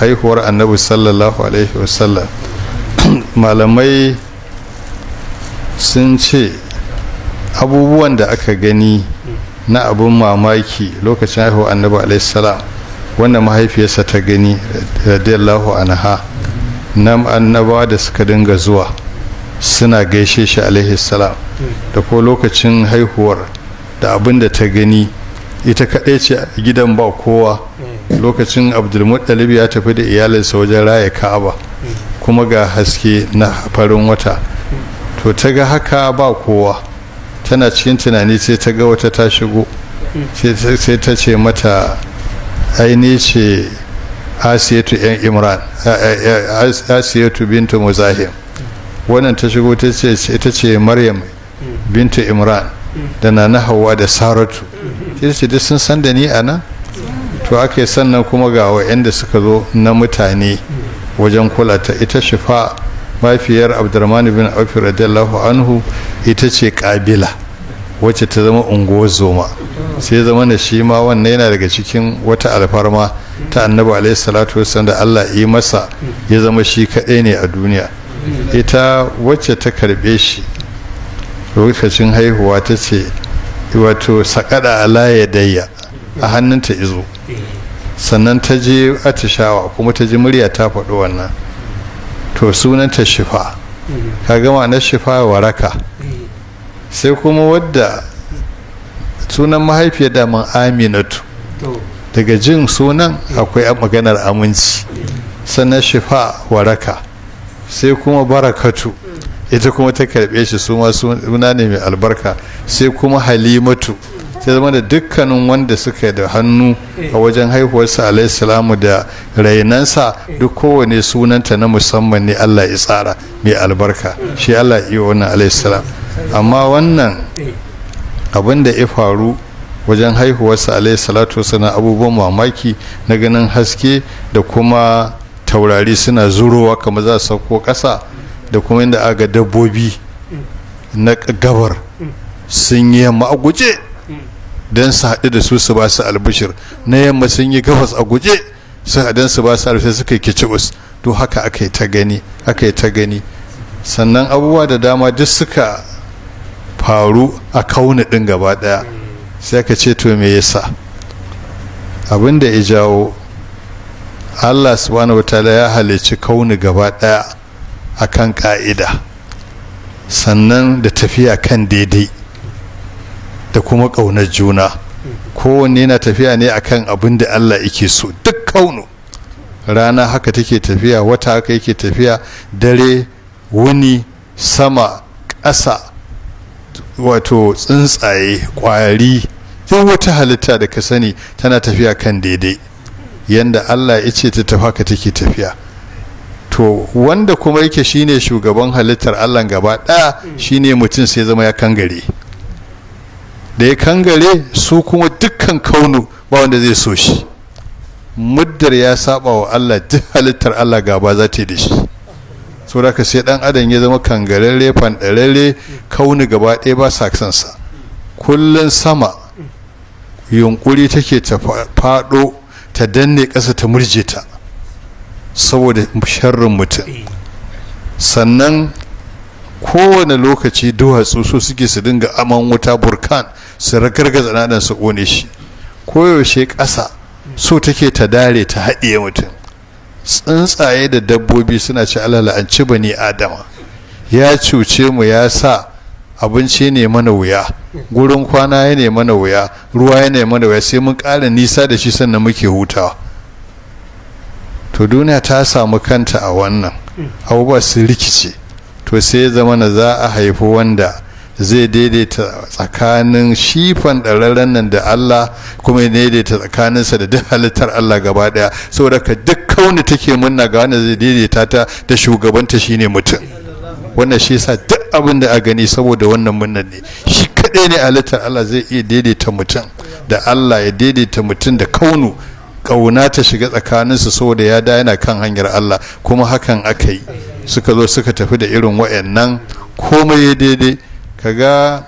haihuwar annabi sallallahu alaihi wasallam malamai sun ce abubuwan da aka gani na abin mamaki lokacin haihuwar annabi alaihi salam wanda mahaifiyarsa ta gani radiyallahu anha na annaba da suka dinga zuwa suna gaishe shi alaihi salam da ko lokacin haihuwar da abin da ta gani ita kaɗai ce gidan ba kowa lokacin abdulmuttalib ya tafi da iyalinsa wajen raya ka'aba kuma ga haske na farin wata to ta ga haka ba kowa tana cikin tunani sai ta ga wata ta shigo sai ta ce mata aini ce asiyatu yan imran asiyatu bintu muzahim wannan ta shigo ita ce maryam bintu imran da na hawa da saratu ita ce duk sun san da ni a nan to ake sannan kuma ga wa'anda suka zo na mutane wajen kula ta ita shifa mafiyar abdurrahman bin auf radiyallahu anhu ita ce kabila wacce ta zama unguwar zoma sai zama na shi ma wannan yana daga cikin wata alfarma ta annabi alaihi salatu wasallam da Allah yi masa ya zama shi kaɗai ne a duniya ita wacce ta karbe shi lokacin haihuwa ta ce wato sakada ala daya a hannunta izo sannan ta je atishawa kuma ta ji murya ta faɗi wannan to sunan ta shifa ka gama na shifa waraka sai kuma wadda sunan mahaifiyar daman aminatu daga jin sunan akwai maganar aminci sannan shifa waraka sai kuma barakatu ita kuma ta karbe shi suna ne mai albarka sai kuma halimatu ta zama da dukkanin wanda suka da hannu a wajen haihuwarsa alaihissalamu da rainansa duk kowane sunanta na musamman ne allah ya tsara mai albarka shi allah iya wannan alaihissalam amma wannan abin da ya faru wajen haihuwarsa alaihissalatu suna abubuwan mamaki na ganin haske da kuma taurari suna zurowa kamar za su sauko ƙasa da kuma inda aga dabbobi na gabar sun yi yamma guje don su haɗu da su su ba su albishir na yamma sun yi gabas a guje sun haɗu su ba su albishir suka yi kicibus to haka aka yi ta gani aka yi ta gani sannan abubuwa da dama duk suka faru a kauna ɗin gaba ɗaya sai ka ce to me yasa abin da ya jawo allah subhanahu wa ta'ala ya halicci kauni gaba ɗaya akan ka'ida sannan da tafiya kan daidai da kuma ƙaunar juna kowanne na tafiya ne akan abin da Allah yake so duk kaunu rana haka take tafiya wata haka yake tafiya dare wuni sama ƙasa wato tsuntsaye ƙwari duk wata halitta da ka sani tana tafiya kan daidai yanda Allah ya ce ta tafi haka take tafiya to wanda kuma yake shine shugaban halittar Allah gaba ɗaya shine mutum sai zama ya kangare da ya kangare su kuma dukkan kaunu ba wanda zai so shi muddar ya saba wa Allah duk halittar Allah gaba za ta yi da shi saboda ka sai dan adam ya zama kangarare fanɗarare kaunu gaba ɗaya ba sa sansa kullun sama yunkuri take ta fado ta danne ƙasa ta murje ta saboda sharrin mutum sannan kowane lokaci duwatsu su suke su dinga aman wuta burkan su ga nanan su ƙone shi koyaushe ƙasa so take ta dare ta haɗiye mutum tsuntsaye da dabbobi suna ci alala an ci bani adama ya cuce mu ya sa abinci ne mana wuya gurin kwana ya ne mana wuya ruwa ya ne mana wuya sai mun ƙara nisa da shi sannan muke hutawa to duniya ta samu kanta a wannan abubuwa su rikice to sai zama na za a haifi wanda zai daidaita tsakanin shifan ɗararren nan da Allah kuma ya daidaita tsakaninsa da duk halittar Allah gaba daya saboda ka duk kauni take munna ga wanda zai daidaita ta da shugabanta shine mutum wannan shi yasa duk abin da a gani saboda wannan munnan ne shi kaɗai ne halittar Allah zai iya daidaita mutum da Allah ya daidaita mutum da kaunu kauna ta shiga tsakaninsu saboda ya da yana kan hanyar Allah kuma hakan aka yi suka zo suka tafi da irin wa'annan komai daidai kaga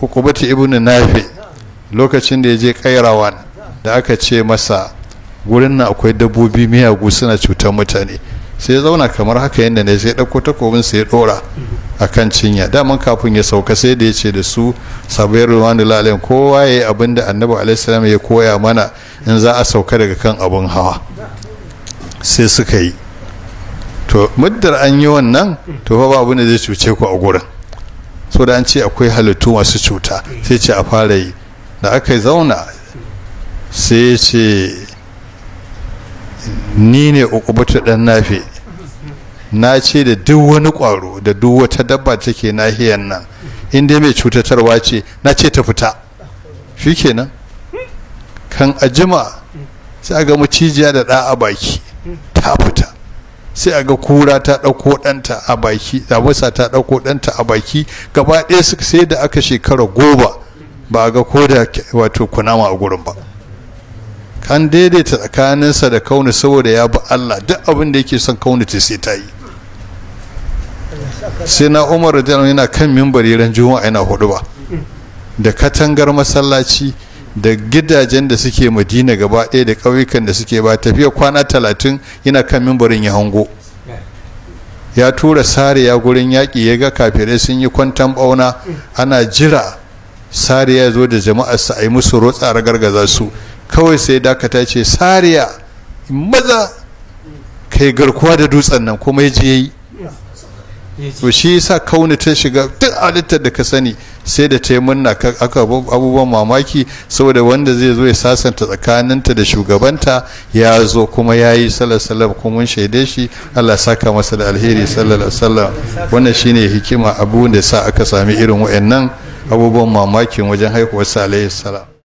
hukubati ibn nafi lokacin da ya je kairawan da aka ce masa gurin na akwai dabbobi miyagu suna cutar mutane sai ya zauna kamar haka yadda ne sai ɗauko takobin sai ya ɗora a kan cinya daman kafin ya sauka sai da ya ce da su sabayar ruwanu kowa ya yi abin da annabi alaihissalam ya koya mana in za a sauka daga kan abin hawa sai suka yi to muddar an yi wannan to fa babu ne zai cuce ku a gurin so da an ce akwai halittu masu cuta sai ce a fara yi da aka zauna sai ce ni ne ukubuta dan nafi na ce da duk wani kwaro da duk wata dabba take nahiyar nan inda mai cutatarwa ce na ce ta fita shi kenan kan ajima sai ga macijiya da ɗa a baki ta fita sai a ga kura ta ɗauko ɗanta a baki damusa ta ɗauko ɗanta a baki gaba ɗaya sai da aka shekara goba ba a ga ko da wato kunama a gurin ba kan daidaita tsakaninsa da kauni saboda ya bi Allah duk abin da yake son kauni ta sai ta yi sai na umar da yana kan mimbar ran juma'a yana hudu ba da katangar masallaci da gidajen da suke madina gaba ɗaya da ƙauyukan da suke ba tafiya kwana talatin yana kan mimbarin ya hango ya tura sariya gurin yaƙi ya ga kafirai sun yi kwantan ɓauna ana jira sariya ya zo da su a yi musu rotsa ragargaza su kawai sai dakata ce sariya maza kai garkuwa da dutsen nan kuma ya je yi to shi yasa kauna ta shiga duk halittar da ka sani sai da ta yi murna aka abubuwan mamaki saboda wanda zai zo ya sasanta tsakaninta da shugabanta ya zo kuma ya yi salasalam kuma mun shaide shi allah saka masa da alheri salasalam wannan shine hikima abu da sa aka sami irin wa'annan abubuwan mamakin wajen haihuwar sa alaihi salam